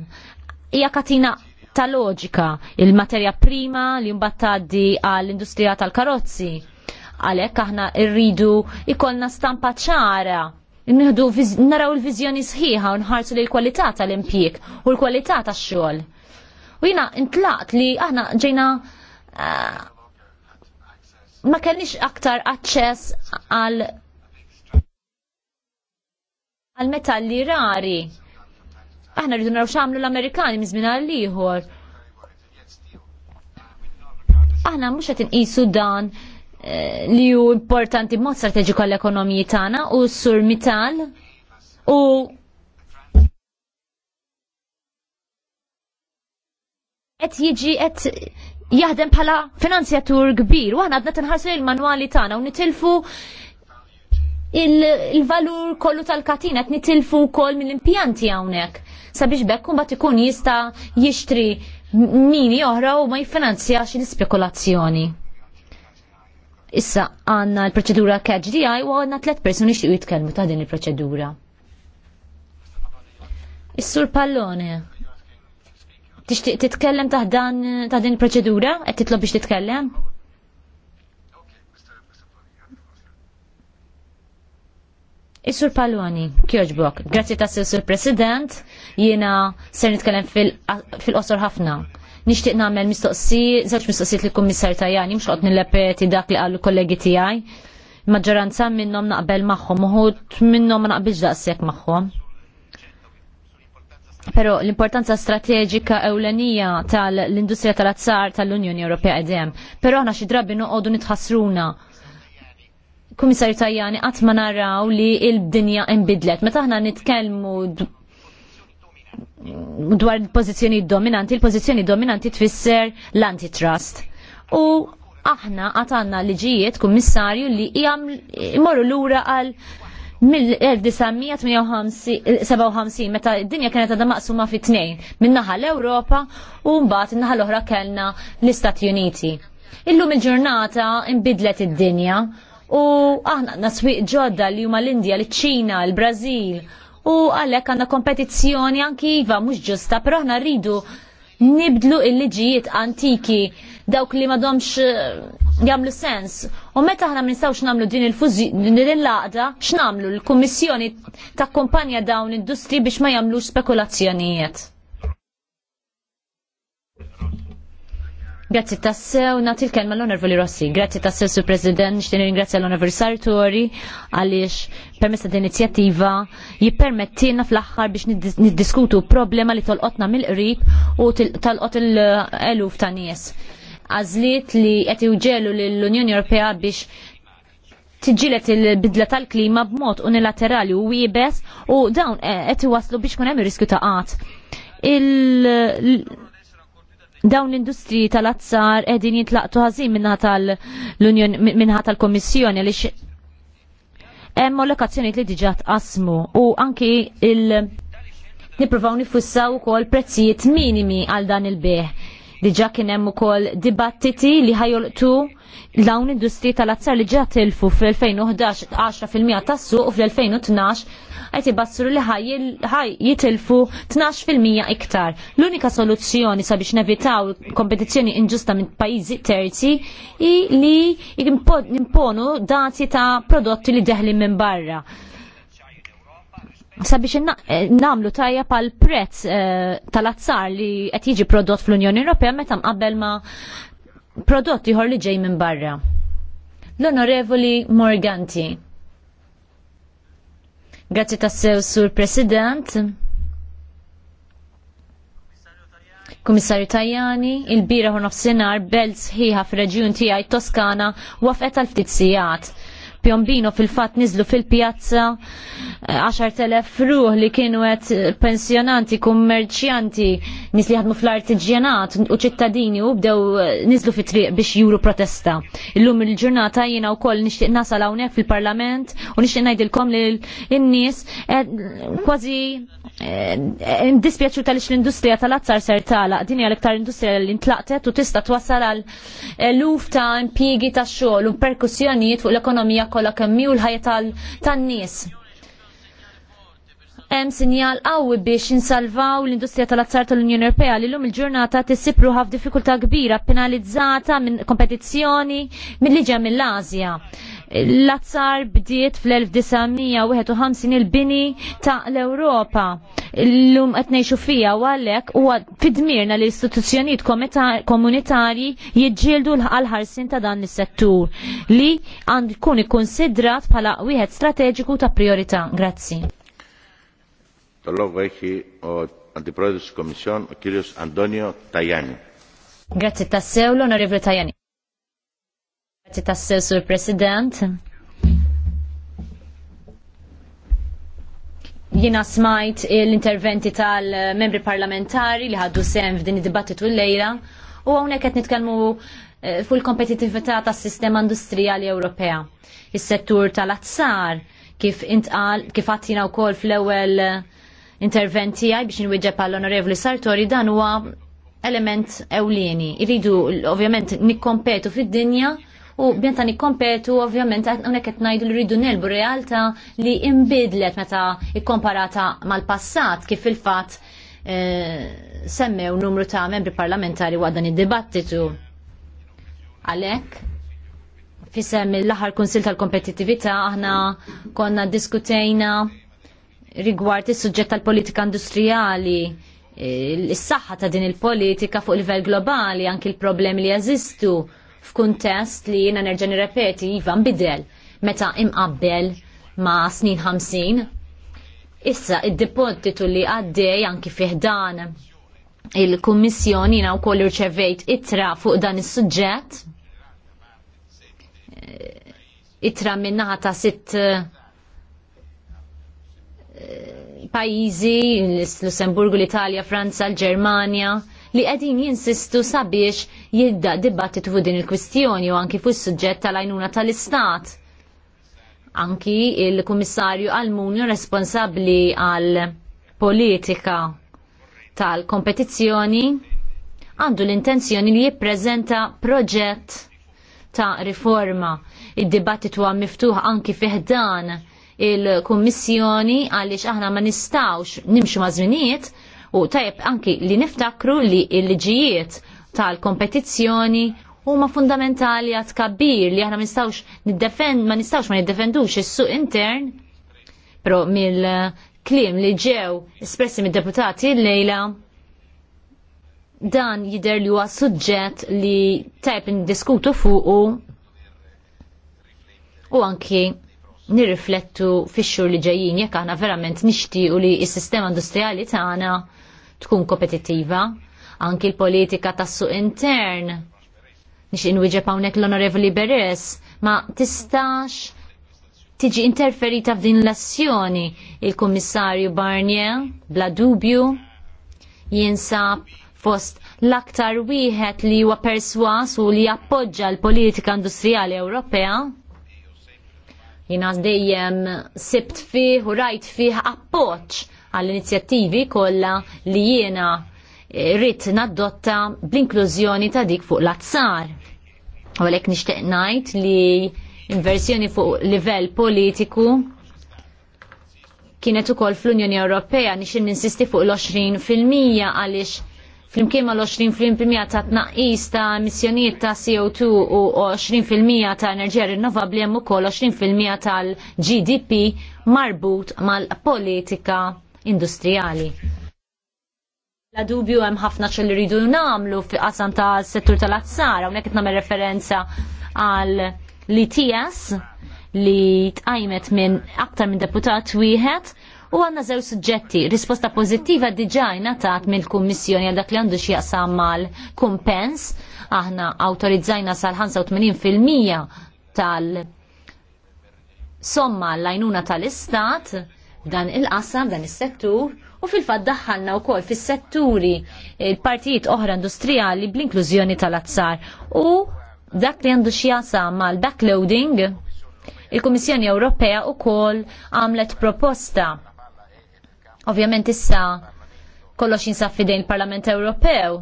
Speaker 3: Hija katina ta' loġika il-materja prima li mbagħad tgħaddi għall-industrija tal-karozzi. Għalhekk aħna rridu ikollna stampa ċara Nihdu naraw il-vizjoni sħiħa u nħarsu li l-kwalità tal-impjieg u l-kwalità tax-xogħol. U jiena intlaqt li aħna ġejna eh, ma kellix aktar aċċess għal għal metalli rari. Aħna rridu naraw x'għamlu l-Amerikani miżmin għal ieħor. Aħna mhux qed inqisu dan Eh, li hu importanti mod strateġiku għall-ekonomiji tagħna u sur mital u qed jiġi qed jaħdem bħala finanzjatur kbir u aħna għadna tinħarsu il-manwali tagħna u nitilfu il-valur il kollu tal-katina qed nitilfu wkoll mill-impjanti hawnhekk sabiex bekk mbagħad ikun jista' jixtri mini oħra u ma jiffinanzjax l-ispekulazzjoni. Issa għanna l-proċedura KGDI u għanna tlet personi u jitkellmu ta' din il-proċedura. Is-sur Pallone, tixtieq titkellem ta' dan ta' din il-proċedura? Qed titlob biex titkellem? Is-Sur Palloni, kjoġbok, grazzi ta' Sur President, jiena ser nitkellem fil-qosor ħafna. Nixtieq nagħmel mistoqsi, żewġ mistoqsijiet lill kummissar Tajani mhux qod lepeti dak li qalu kollegi tiegħi. Maġġoranza minnhom naqbel magħhom, uħud minnhom ma naqbilx daqshekk magħhom. Però l-importanza strateġika ewlenija tal-industrija tal-azzar tal-Unjoni Ewropea qegħdem. Però aħna xi drabi noqogħdu nitħassruna Kummissarju Tajani qatt ma naraw li l-dinja inbidlet. Meta aħna nitkellmu dwar il-pozizjoni dominanti, il-pozizjoni dominanti tfisser l-antitrust. U aħna għatanna liġijiet kummissarju li jgħamlu l-ura għal mill-1957 meta id-dinja kienet għadha maqsuma fi tnejn minnaħa l-Ewropa u mbagħad in-naħa l-oħra kellna l-Istati Uniti. Illum il-ġurnata imbidlet id-dinja u aħna naswiq ġodda li huma l-Indja, l-Ċina, l-Brażil u għalhekk għandna kompetizzjoni anki iva mhux ġusta, però aħna rridu nibdlu il-liġijiet antiki dawk li domx eh, jamlu sens. U meta ħna nistawx namlu din il-laqda, x'namlu l-Kummissjoni ta' kompanja dawn industri biex ma jamlu spekulazzjonijiet. Grazzi tassew, nati l-kelma l-Onorvoli Rossi. Grazzi tassew, Sur President, nixtin ringrazzja l-Onorvoli Sartori għaliex permessa d inizjattiva jippermettina fl-axħar biex niddiskutu problema li tolqotna mill-qrib u talqot il-eluf ta' nies. Għazliet li qed uġelu l-Unjoni Ewropea biex tiġilet il-bidla tal-klima b'mod unilaterali u wiebes u dawn e- qed waslu biex kunem hemm ir-riskju ta' għat dawn l-industriji tal-azzar edin jitlaqtu ħażin minna tal-Unjon tal li hemm allokazzjoni li diġà tqasmu u anki il nipprovaw nifussaw ukoll prezzijiet minimi għal dan il-beħ ġa kien hemm ukoll dibattiti li ħajolqtu dawn industri tal-azzar li ġa tilfu fil-2011 10% tas-suq u fil-2012 qed ibassru li ħaj jitilfu 12% iktar. L-unika soluzzjoni sabiex nevitaw kompetizzjoni inġusta minn pajjiżi terzi hi li jimponu dati ta' prodotti li deħli minn barra sabiex eh, namlu tajja pal prezz eh, tal-azzar li qed jiġi prodott fl-Unjoni Ewropea meta mqabel ma' prodott ieħor li ġej minn barra. L-Onorevoli Morganti. Grazzi tassew sur President. Komissarju Tajani, il-bira hu nofsinhar belt sħiħa fir-reġjun tiegħi Toskana wafqet tal-ftit sigħat Pjombino fil-fatt niżlu fil-pjazza 10.000 eh, ruħ li kienu qed pensjonanti, kummerċjanti, nies li ħadmu fl-artiġjanat u ċittadini u bdew eh, niżlu fit-triq biex juru protesta. Illum il-ġurnata jiena wkoll nixtieq nasal hawnhekk fil-Parlament u nixtieq ngħidilkom li n-nies eh, kważi indispjaċu tal l-industrija tal-azzar ser tala, din hija l-iktar industrija li ntlaqtet u tista' twassal għal eluf ta' impjiegi ta' xogħol u perkussjonijiet fuq l-ekonomija kollha kemm hu l-ħajja tan-nies. Hemm sinjal qawwi biex insalvaw l-industrija tal-azzar tal-Unjoni Ewropea li lum il-ġurnata tissibru ħaf diffikultà kbira penalizzata minn kompetizzjoni mill-liġa mill-Asja. L-azzar bdiet fl-1951 il-bini ta' l-Europa l-lum għetnejxu fija u għallek u fidmirna l istituzjoniet komunitari jidġildu l-ħarsin ta' dan is-settur li għand kun ikkonsidrat bħala wieħed strateġiku ta' priorità. Grazzi.
Speaker 2: Tal-logħba o Antiprodes Kommissjon, Kirjus Antonio Tajani.
Speaker 3: Grazzi tassew l-Onorevole Tajani ta' tassew sur President. Jina smajt l-interventi tal-membri parlamentari li ħaddu sem f'din id-dibattitu l-lejla u għonek qed nitkellmu eh, fuq il-kompetitività tas-sistema industrijali Ewropea. Is-settur tal-azzar kif intqal kif għattina wkoll fl-ewwel eh, interventi għaj biex nwieġeb pal onorevoli Sartori dan huwa element ewlieni. Irridu ovvjament nikkompetu fid-dinja u bjenta nikkompetu ovvjament unek qed ngħidu li rridu nelbu realtà li imbidlet meta ikkomparata mal-passat kif il-fatt eh, semmew numru ta' membri parlamentari waqt dan id-dibattitu. Għalhekk fisem l-aħħar kunsil tal-kompetittività aħna konna diskutejna rigward is-suġġett tal-politika industrijali is eh, saħħa ta' din il-politika fuq livell globali, anki l-problemi li jeżistu f'kuntest li jiena nerġa' nirrepeti iva nbidel meta imqabbel ma' snin 50. Issa id-dipontitu li għaddej anki fiħdan il-Kummissjoni jiena wkoll irċevejt itra fuq dan is-suġġett. Itra minnaħa ta' sitt eh, pajizi, l-Lussemburgu, l-Italja, Franza, l-Germania, li qegħdin jinsistu sabiex jidda dibattitu fuq din il-kwistjoni u anki fuq is-suġġett tal-għajnuna tal-Istat. Anki il-Kummissarju Almunju responsabbli għal politika tal-kompetizzjoni għandu l-intenzjoni li jippreżenta proġett ta' riforma. Id-dibattitu għam miftuħ anki fiħdan il-Kummissjoni għaliex aħna ma nistawx nimxu mażminiet U tajb anki li niftakru li l-ġijiet tal-kompetizzjoni huma fundamentali għat kabbir li aħna nistawx niddefend ma nistawx ma niddefendux is-suq intern pro mill-klim li ġew espressi mid-deputati l-lejla dan jider li huwa suġġett li tajb diskutu fuqu u anki nirriflettu fix-xhur li ġejjin jekk aħna verament nixtiequ li s-sistema industrijali tagħna tkun kompetittiva, anki l-politika tas-suq intern. Nix inwiġeb hawnhekk l-Onorevoli Beres, ma tistax tiġi interferita f'din l-azzjoni il-Kummissarju Barnier bla dubju jinsab fost l-aktar wieħed li huwa perswas u li jappoġġa l-politika industrijali Ewropea jina dejjem sibt fih u rajt fih appoġġ għall-inizjattivi kollha li jiena eh, rrit naddotta bl-inklużjoni ta' dik fuq l-azzar. U għalek nishtiq najt li inversjoni fuq livell politiku kienet ukoll fl-Unjoni Ewropea nixin ninsisti fuq l-20% għaliex flimkien ma l-20% ta' tnaqqis ta' emissjonijiet ta' CO2 u 20% ta' enerġija rinnovabbli hemm ukoll 20% tal-GDP marbut mal-politika industrijali. La dubju hemm ħafna xi iridu rridu nagħmlu fi qasam ta' settur tal azzara hawnhekk qed nagħmel referenza għal l-ITS li tqajmet minn aktar minn deputat wieħed u għanna żew suġġetti. Risposta pożittiva diġà ngħatat mill-Kummissjoni għal dak li għandu x'jaqsam mal-kumpens. Aħna awtorizzajna sal-85% tal- somma l għajnuna tal-istat dan il-qasam, dan is-settur, u fil-fat daħħalna wkoll fis-setturi partijiet oħra industrijali bl-inklużjoni tal-azzar. U dak li għandu x'jasam mal-backloading, il-Kummissjoni Ewropea wkoll għamlet proposta. Ovvjament issa kollox jinsab fidejn il-Parlament Ewropew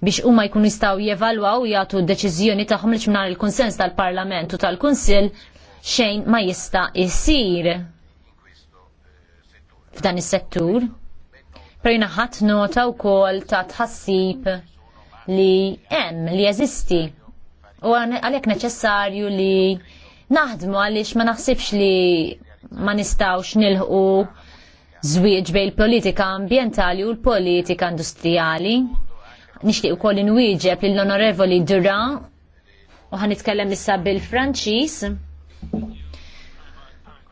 Speaker 3: biex huma jkunu jistgħu jevalwaw jagħtu d-deċiżjoni tagħhom li mingħajr il konsens tal-Parlament u tal-Kunsill xejn ma jista' jsir f'dan is-settur. Prejna ħadd nota wkoll ta' tħassib li hemm li jeżisti. U għalhekk neċessarju li naħdmu għaliex ma naħsibx li ma nistawx nilħu żwieġ bejn il-politika ambjentali u l-politika industrijali. Nixtieq ukoll inwieġeb lill-Onorevoli Duran u ħanitkellem issa bil-Franċiż.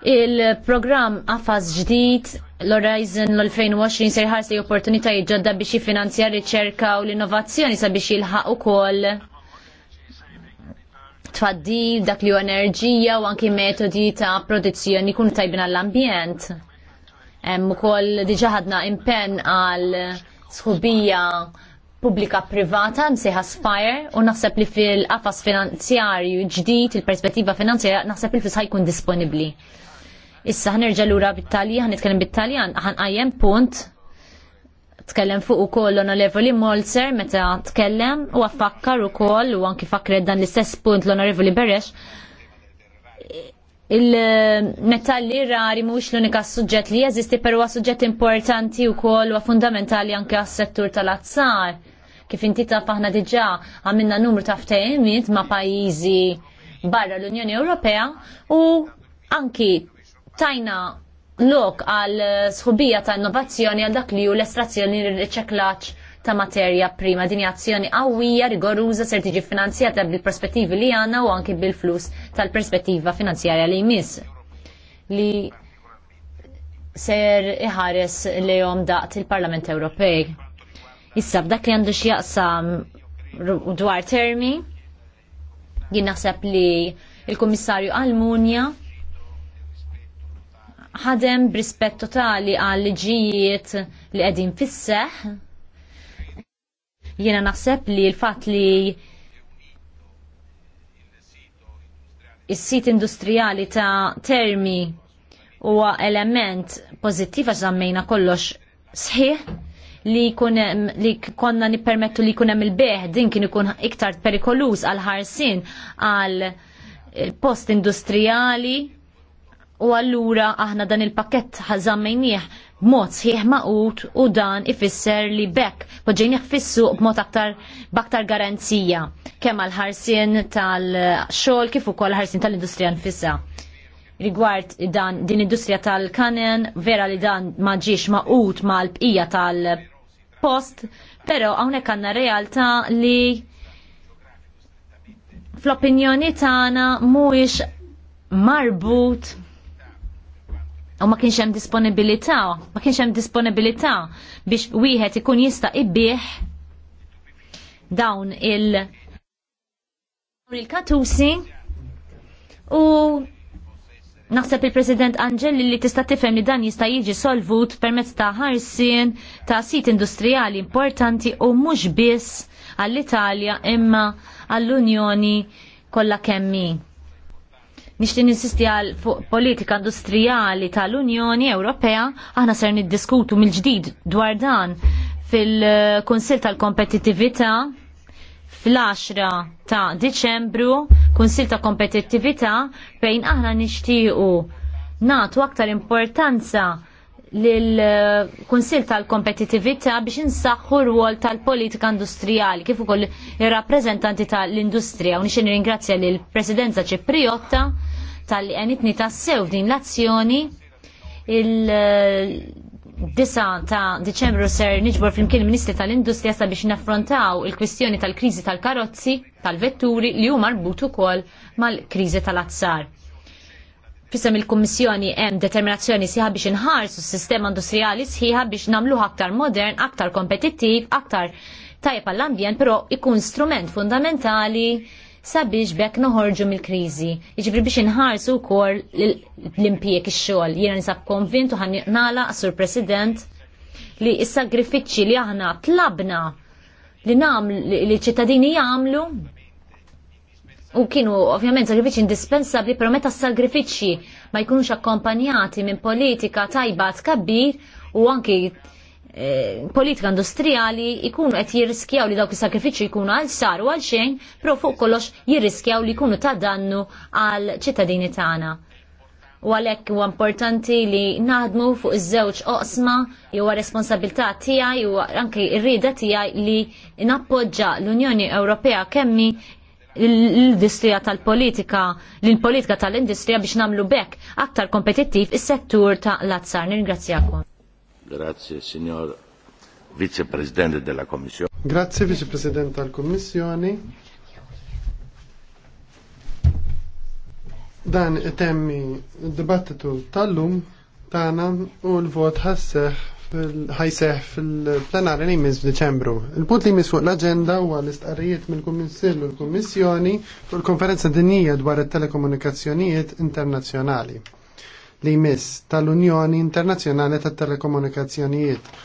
Speaker 3: Il-programm għafas ġdid l-Horizon l-2020 se ħarsi opportunitajiet ġodda biex jifinanzja riċerka u l-innovazzjoni sabiex jilħaq ukoll tfaddi dak li enerġija u anki metodi ta' produzzjoni kun tajbin għall-ambjent. Hemm ukoll diġà ħadna impenn għal sħubija pubblika privata msejħa Spire u naħseb li fil-qafas finanzjarju ġdid il-perspettiva finanzjarja naħseb li fis ħajkun disponibbli. Issa ħnerġa lura bit-Taljan, nitkellem bit-Taljan, ħanqajjem punt tkellem fuq ukoll l-Onorevoli Molzer meta tkellem u u ukoll u anki fakret dan l-istess punt l-Onorevoli Beresh il-metalli eh, rari mhux l-unika suġġett li jeżisti però u suġġett importanti wkoll u fundamentali anke għas-settur tal-azzar. Kif inti taf aħna diġà għamilna numru ta' ftehimiet ma' pajjiżi barra l-Unjoni Ewropea u anki tajna lok għal sħubija ta' innovazzjoni għal dak li ju l-estrazzjoni riċeklaċ ta' materja prima din azzjoni qawwija, rigoruża, ser tiġi finanzjata bil-perspettivi li għandna u anki bil-flus tal-perspettiva finanzjarja li jmiss. Li ser iħares li jom daqt il-Parlament Ewropej. Issa b'dak li għandu x'jaqsam dwar termi, jien naħseb li il-Kummissarju Almunja ħadem b'rispett totali għal liġijiet li qegħdin fisseħ. Jiena naħseb li l-fatt li is-sit industrijali ta' termi huwa element pozittiva zammejna kollox sħiħ li kunem, li konna nipermettu li kunem il-beħ din kien ikun iktar perikolus għal ħarsin għal post industrijali U allura aħna dan il-pakket ħażammejnieh b'mod sħiħ maqut u dan ifisser li bekk poġġejn jaħfissu b'mod aktar b'aktar garanzija kemm għal ħarsien tal-xogħol kif ukoll ħarsien tal-industrija nfissa. Rigward dan din industrija tal-kanen, vera li dan ma ġiex maqut mal-bqija tal-post, però hawnhekk għandna realtà li fl-opinjoni tagħna mhuwiex marbut u ma kienx hemm disponibilità, ma kienx hemm disponibilità biex wieħed ikun jista' ibbieħ dawn il il-katusi u naħseb il-President Angeli li tista' tifhem li dan jista' jiġi solvut permezz ta' ħarsien ta' sit industrijali importanti u mhux biss għall-Italja imma għall-Unjoni kollha kemmi. Nixtieq insisti għal politika industrijali tal-Unjoni Ewropea, aħna ser niddiskutu mill-ġdid dwar dan fil-Kunsil tal-Kompetittività fl-10 ta' Diċembru, Kunsil ta' Kompetittività fejn aħna nixtiequ nagħtu aktar importanza l kunsill tal-Kompetitività biex insaħħu r-wol tal-politika industrijali kif ukoll ir-rappreżentanti tal-industrija u nixin ringrazzja lill presidenza Ċipriotta tal-li għenitni tassew din l-azzjoni il-9 ta' Deċembru ser niġbor flimkien il-Ministri tal-Industrija sabiex naffrontaw il-kwistjoni tal-kriżi tal-karozzi tal-vetturi li huma marbut ukoll mal-kriżi tal-azzar fissem il-Kommissjoni hemm determinazzjoni sieħa biex inħarsu s-sistema industrijali sħiħa biex namluħ aktar modern, aktar kompetittiv, aktar tajb għall-ambjent, però ikun strument fundamentali sabiex bekk noħorġu mill-kriżi. Jiġifieri biex inħarsu wkoll l-impjieg ix-xogħol. Jiena nisab konvintu ħan nala sur President li s-sagrifiċċji li aħna tlabna li nam li ċittadini jagħmlu U kienu ovvjament sagrifiċi indispensabbli, però meta s-sagrifiċi ma jkunux akkompanjati minn politika tajba tkabbir u anki eh, politika industrijali ikunu qed jirriskjaw li dawk is-sakrifiċċju jkunu għal sar u għal xejn, però fuq kollox jirriskjaw li jkunu ta' dannu għal ċittadini tagħna. U għalhekk huwa importanti li naħdmu fuq iż-żewġ oqsma jew huwa responsabilità tiegħi u anke r-rieda tiegħi li nappoġġa l-Unjoni Ewropea kemmi l-industrija tal-politika, l-politika tal-industrija biex namlu bekk aktar kompetittiv is-settur ta' l-azzar. Nirringrazzjakom.
Speaker 2: Grazie, signor vicepresidente president della Kommissjoni. Grazie, vicepresidente president tal-Kommissjoni. Dan temmi d-dibattitu tal-lum tana u l-vot ħasseħ ħajseħ fil-plenari li jmiss f'Deċembru. Il-punt li jmiss fuq l-agenda huwa l-istqarrijiet mill-Kummissillu l-Kummissjoni fuq il-Konferenza dinija dwar it-Telekomunikazzjonijiet Internazzjonali li jmiss tal-Unjoni Internazzjonali tat-Telekomunikazzjonijiet